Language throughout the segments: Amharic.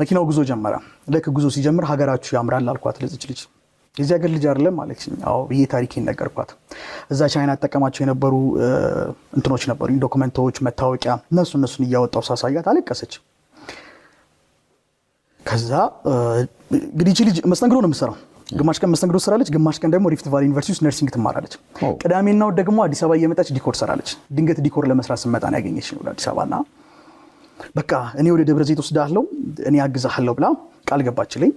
መኪናው ጉዞ ጀመረ። ልክ ጉዞ ሲጀምር ሀገራችሁ ያምራል አልኳት ለዚች ልጅ። የዚህ ሀገር ልጅ አይደለም ማለት ብዬ ታሪክ ነገርኳት። እዛ ቻይና ያጠቀማቸው የነበሩ እንትኖች ነበሩ፣ ዶክመንቶች፣ መታወቂያ፣ እነሱ እነሱን እያወጣው ሳሳያት አለቀሰች። ከዛ እንግዲህ ይቺ ልጅ መስተንግዶ ነው የምሰራው። ግማሽ ቀን መስተንግዶ ትሰራለች፣ ግማሽ ቀን ደግሞ ሪፍት ቫሊ ዩኒቨርሲቲ ውስጥ ነርሲንግ ትማራለች። ቅዳሜና እሑድ ደግሞ አዲስ አበባ እየመጣች ዲኮር ትሰራለች። ድንገት ዲኮር ለመስራት ስመጣ ነው ያገኘች አዲስ አበባ እና በቃ እኔ ወደ ደብረ ዘይት ወስድሃለሁ፣ እኔ አግዛሃለሁ ብላ ቃል ገባችልኝ።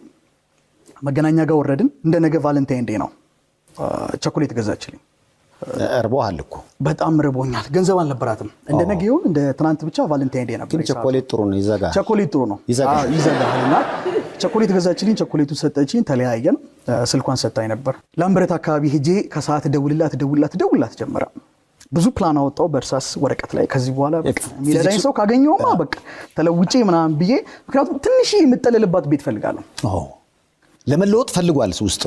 መገናኛ ጋር ወረድን። እንደ ነገ ቫለንታይን ዴ ነው። ቸኮሌት ገዛችልኝ። እርቦሃል እኮ በጣም ርቦኛል። ገንዘብ አልነበራትም። እንደ ነገ ይሁን እንደ ትናንት ብቻ ቫለንታይን ዴ ነበር። ቸኮሌት ጥሩ ነው፣ ይዘጋል። ቸኮሌት ጥሩ ነው፣ ይዘጋል። እና ቸኮሌት ገዛችልኝ። ቸኮሌቱን ሰጠችኝ። ተለያየን። ስልኳን ሰጣኝ ነበር። ላምበረት አካባቢ ሄጄ ከሰዓት ደውልላት ደውልላት ደውልላት ጀመረ ብዙ ፕላን አወጣው በእርሳስ ወረቀት ላይ። ከዚህ በኋላ የሚረዳኝ ሰው ካገኘውማ በቃ ተለውጬ ምናምን ብዬ ምክንያቱም ትንሽ የምጠለልባት ቤት ፈልጋለሁ። ለመለወጥ ፈልጓል ውስጥ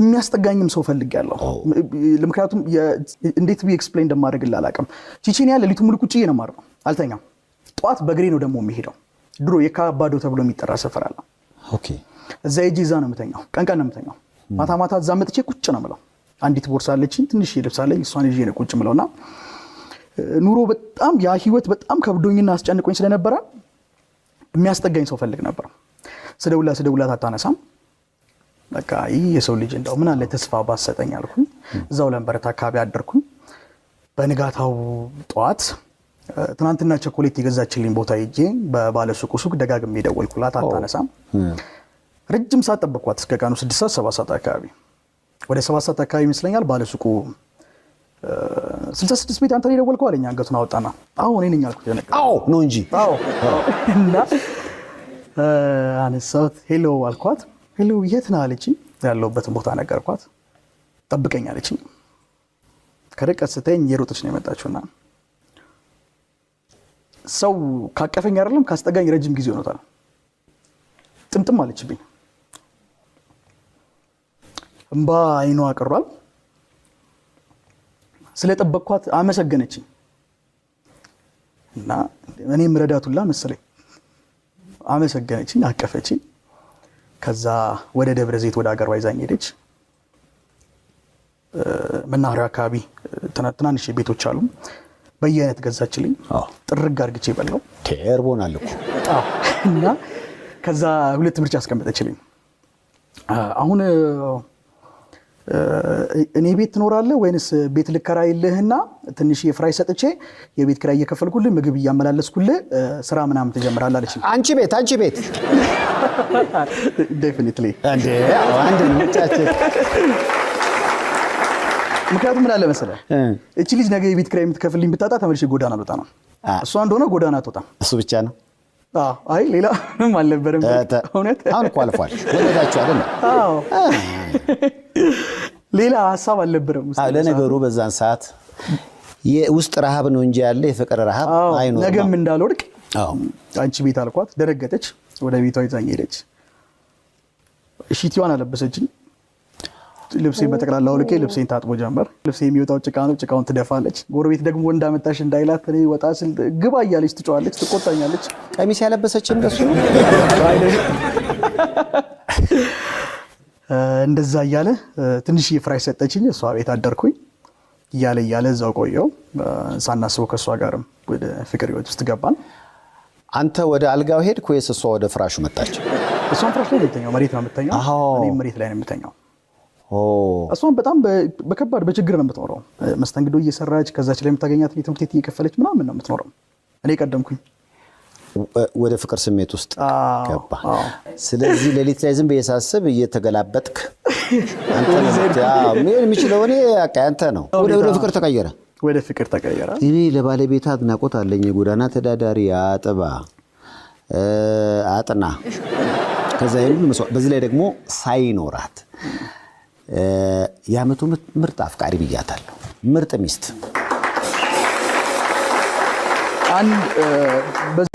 የሚያስጠጋኝም ሰው ፈልጌያለሁ። ምክንያቱም እንዴት ብዬ ኤክስፕሌን እንደማደርግልህ አላውቅም። ቼቼንያ ሌሊቱ ሙሉ ቁጭ ነው የማድረው፣ አልተኛም። ጠዋት በእግሬ ነው ደግሞ የሚሄደው። ድሮ የካባዶ ተብሎ የሚጠራ ሰፈር አለ። እዛ ሄጄ እዛ ነው የምተኛው። ቀን ቀን ነው የምተኛው። ማታ ማታ እዛ መጥቼ ቁጭ ነው የምለው። አንዲት ቦርሳ አለችኝ፣ ትንሽ ልብስ አለኝ። እሷን ይዤ ነው ቁጭ ምለውና ኑሮ በጣም ያ ህይወት በጣም ከብዶኝና አስጨንቆኝ ስለነበረ የሚያስጠጋኝ ሰው ፈልግ ነበር። ስደውላት ስደውላት አታነሳም። በቃ ይህ የሰው ልጅ እንደው ምን አለ ተስፋ ባሰጠኝ አልኩኝ። እዛው ለንበረት አካባቢ አደርኩኝ። በንጋታው ጠዋት ትናንትና ቸኮሌት የገዛችልኝ ቦታ ሄጄ በባለ ሱቁ ሱቅ ደጋግሜ ደወልኩላት፣ አታነሳም። ረጅም ሰዓት ጠበኳት እስከ ቀኑ ስድስት ሰዓት ሰባት ሰዓት አካባቢ ወደ ሰባት ሰዓት አካባቢ ይመስለኛል ባለሱቁ ስልሳ ስድስት ቤት አንተ ነው የደወልከው አለኝ። አንገቱን አወጣና አዎ እኔ ነኝ አልኩት። አዎ ነው እንጂ አዎ። እና አነሳሁት። ሄሎ አልኳት። ሄሎ የት ነህ አለችኝ። ያለሁበትን ቦታ ነገርኳት። ጠብቀኝ አለች። ከርቀት ስታየኝ የሮጠች ነው የመጣችውና ሰው ካቀፈኝ አይደለም ካስጠጋኝ ረጅም ጊዜ ሆኖታል። ጥምጥም አለችብኝ። እምባ አይኗ ቀሯል። ስለጠበቅኳት አመሰገነችኝ እና እኔም ረዳቱላ መሰለኝ አመሰገነችኝ፣ አቀፈችኝ። ከዛ ወደ ደብረ ዘይት ወደ አገሯ ይዛኝ ሄደች። መናኸሪያው አካባቢ ትናንሽ ቤቶች አሉ። በየአይነት ገዛችልኝ። ጥርግ አርግቼ በላው ቴርቦናል እና ከዛ ሁለት ምርጫ አስቀመጠችልኝ። አሁን እኔ ቤት ትኖራለህ ወይንስ ቤት ልከራይልህና ትንሽ የፍራይ ሰጥቼ የቤት ኪራይ እየከፈልኩልህ ምግብ እያመላለስኩልህ ስራ ምናምን ትጀምራለህ አለች። አንቺ ቤት አንቺ ቤት ዴፊኒትሊ ምክንያቱም ምን አለ መሰለህ እቺ ልጅ ነገ የቤት ኪራይ የምትከፍልኝ ብታጣ ተመልሼ ጎዳና ልወጣ ነው። እሷ እንደሆነ ጎዳና አትወጣም። እሱ ብቻ ነው። አይ ሌላ ምንም አልነበረም። እውነት አሁን እኮ አልፏል። ወለዳችኋል ሌላ ሀሳብ አልነበረም። ለነገሩ በዛን ሰዓት የውስጥ ረሃብ ነው እንጂ ያለ የፍቅር ረሃብ አይኖርም። ነገም እንዳልወድቅ አንቺ ቤት አልኳት። ደነገጠች። ወደ ቤቷ ይዛኝ ሄደች። ሺቲዋን አለበሰችኝ። ልብሴን በጠቅላላ አውልቄ ልብሴን ታጥቦ ጀመር። ልብሴ የሚወጣው ጭቃ ነው። ጭቃውን ትደፋለች። ጎረቤት ደግሞ እንዳመጣሽ እንዳይላት እኔ ወጣ ስል ግባ እያለች ትጫዋለች፣ ትቆጣኛለች። ቀሚስ ያለበሰችን እንደሱ ነው እንደዛ እያለ ትንሽ ፍራሽ ሰጠችኝ። እሷ ቤት አደርኩኝ እያለ እያለ እዛው ቆየው። ሳናስበው ከእሷ ጋርም ወደ ፍቅር ህይወት ውስጥ ገባን። አንተ ወደ አልጋው ሄድክ ወይስ እሷ ወደ ፍራሹ መጣች? እሷም ፍራሽ ላይ ነው የምተኛው፣ መሬት ነው የምተኛው። መሬት ላይ ነው የምተኛው። እሷም በጣም በከባድ በችግር ነው የምትኖረው። መስተንግዶ እየሰራች ከዛች ላይ የምታገኛት ትምህርት ቤት እየከፈለች ምናምን ነው የምትኖረው። እኔ ቀደምኩኝ። ወደ ፍቅር ስሜት ውስጥ ገባ። ስለዚህ ሌሊት ላይ ዝም ብዬ ሳስብ እየተገላበጥክ የሚችለው እኔ አንተ ነው። ወደ ፍቅር ተቀየረ፣ ወደ ፍቅር ተቀየረ። እኔ ለባለቤት አድናቆት አለኝ። የጎዳና ተዳዳሪ አጥባ አጥና ከዛ ሁሉ በዚህ ላይ ደግሞ ሳይኖራት የአመቱ ምርጥ አፍቃሪ ብያታለሁ። ምርጥ ሚስት አንድ